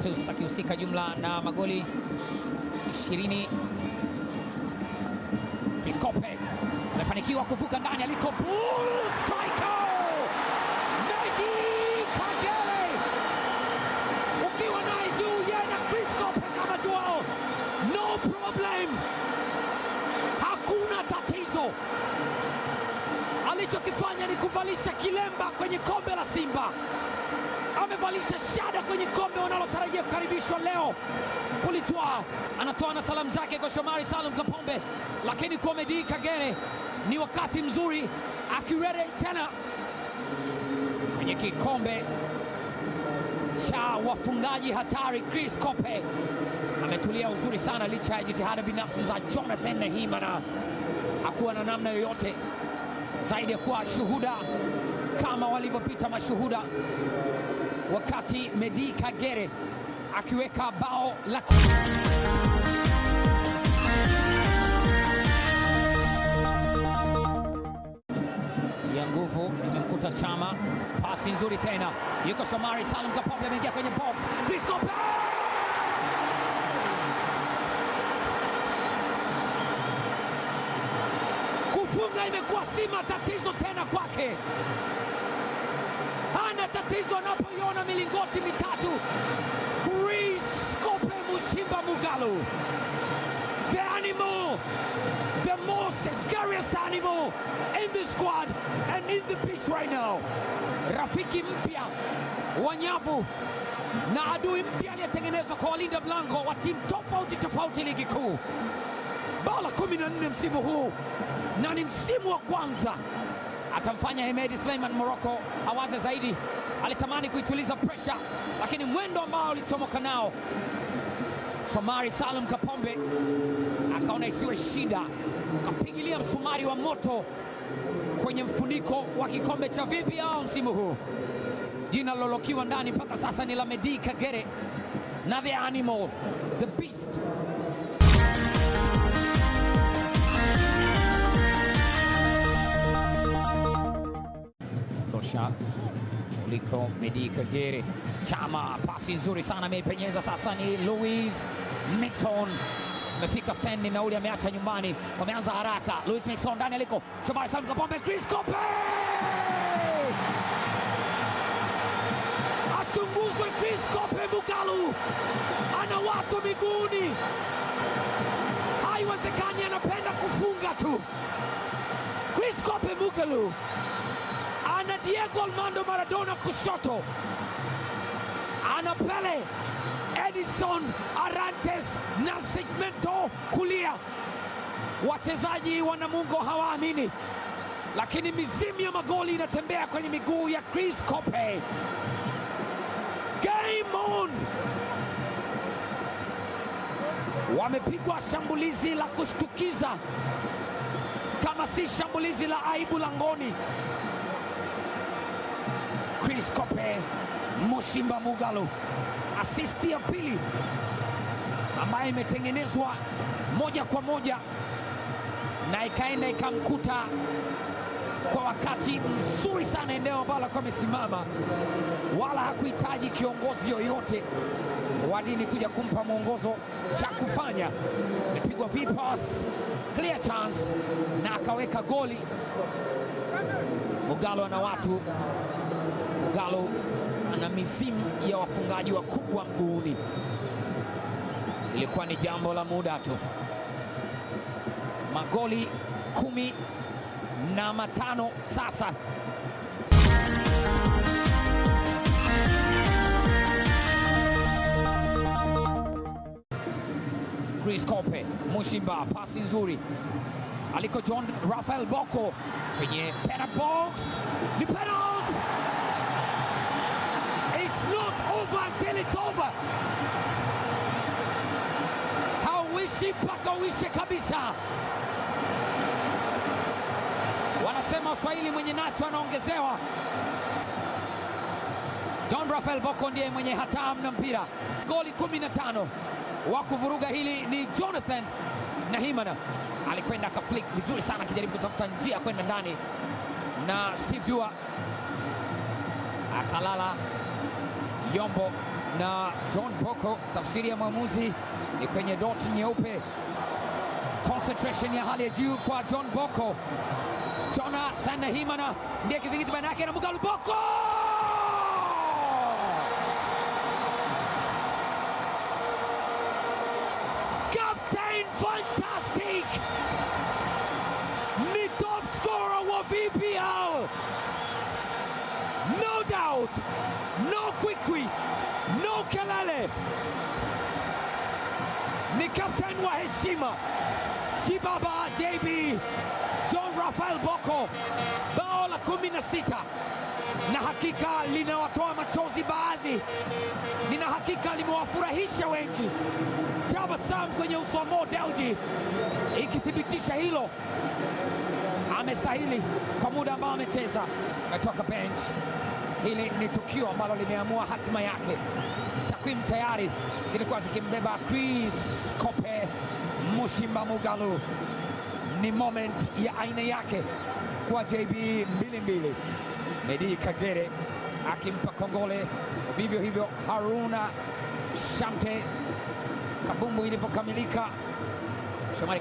Clatous akihusika jumla na magoli 20. Piscope amefanikiwa kuvuka ndani aliko alichokifanya ni kuvalisha kilemba kwenye kombe la Simba amevalisha shada kwenye kombe wanalotarajia kukaribishwa leo kulitwaa. Anatoa na salamu zake kwa Shomari Salum Kapombe, lakini Medi Kagere ni wakati mzuri akirede tena kwenye kikombe cha wafungaji hatari. Chris Kope ametulia uzuri sana licha ya jitihada binafsi za Jonathan Nehima, na hakuwa na namna yoyote zaidi ya kuwa shuhuda kama walivyopita mashuhuda wakati Medi Kagere akiweka bao la ya nguvu imemkuta Chama, pasi nzuri tena, yuko Shomari Salum Kapombe ameingia kwenye box Chris kufunga imekuwa si matatizo tena kwake hizo anapoiona milingoti mitatu Chriskope Mushimba mugalu the animal, the most scariest animal in the squad and in the pitch right now, rafiki mpya wa nyavu na adui mpya aliyetengenezwa kwa walinda mlango wa timu tofauti tofauti ligi kuu, bao la 14 msimu huu na ni msimu wa kwanza atamfanya Hemedi Suleiman Morocco awaze zaidi alitamani kuituliza presha, lakini mwendo ambao ulichomoka nao Shomari Salum Kapombe akaona isiwe shida, kapigilia msumari wa moto kwenye mfuniko wa kikombe cha VPL msimu huu. Jina lilolokiwa ndani mpaka sasa ni la Medi Kagere na the animal the beast. Dosha kuliko Medi Kagere. Chama, pasi nzuri sana ameipenyeza, sasa ni Louis Mixon amefika ni nauli ameacha nyumbani, wameanza haraka. Louis Mixon ndani aliko Shomari Sam Kapombe, Chris Kope achunguzwe. Chris Kope Mugalu ana watu miguuni, haiwezekani, anapenda kufunga tu. Chris Kope Mugalu ana Diego Armando Maradona kushoto, ana Pele, Edison Arantes na segmento kulia. Wachezaji Wanamungo hawaamini, lakini mizimu ya magoli inatembea kwenye miguu ya Chris Kope. Game on! Wamepigwa shambulizi la kushtukiza, kama si shambulizi la aibu langoni. Dennis Mushimba Mugalu, asisti ya pili ambayo imetengenezwa moja kwa moja na ikaenda ikamkuta kwa wakati mzuri sana, eneo ambalo alikuwa amesimama, wala hakuhitaji kiongozi yoyote wa dini kuja kumpa mwongozo cha kufanya. Amepigwa vipas, clear chance na akaweka goli. Mugalu ana watu Kagalo ana misimu ya wafungaji wakubwa mguuni, ilikuwa ni jambo la muda tu. Magoli kumi na matano sasa. Chris Kope Mushimba, pasi nzuri aliko John Rafael Boko kwenye penalty box, ni penalty! It's not over until it's over. Hauishi mpaka uishe kabisa. Wanasema Waswahili, mwenye nacho anaongezewa. John Rafael Boko ndiye mwenye hatamu na mpira. Goli 15 wa kuvuruga hili ni Jonathan Nahimana, alikwenda akaflick vizuri sana, akijaribu kutafuta njia kwenda ndani, na Steve Dua akalala. Yombo na John Boko. Tafsiri ya mwamuzi ni kwenye doti nyeupe. Concentration ya hali ya juu kwa John Boko. Jonathan Nahimana ndiye kizingiti baina yake na Mugalu Boko. Captain Fantastic ni top scorer wa VPL, no doubt no Shakwi, no kelele, ni kapteni wa heshima Jibaba JB John Rafael Boko, bao la kumi na sita na hakika linawatoa machozi baadhi, nina hakika limewafurahisha wengi, tabasam kwenye uso wa Mo ikithibitisha hilo, amestahili kwa muda ambao amecheza. Ametoka bench. Hili ni tukio ambalo limeamua hatima yake. Takwimu tayari zilikuwa zikimbeba Chris Kope Mushimba Mugalu. Ni moment ya aina yake kwa JB mbili mbili. Medi Kagere akimpa kongole, vivyo hivyo Haruna Shamte. Kabumbu ilipokamilika Shomari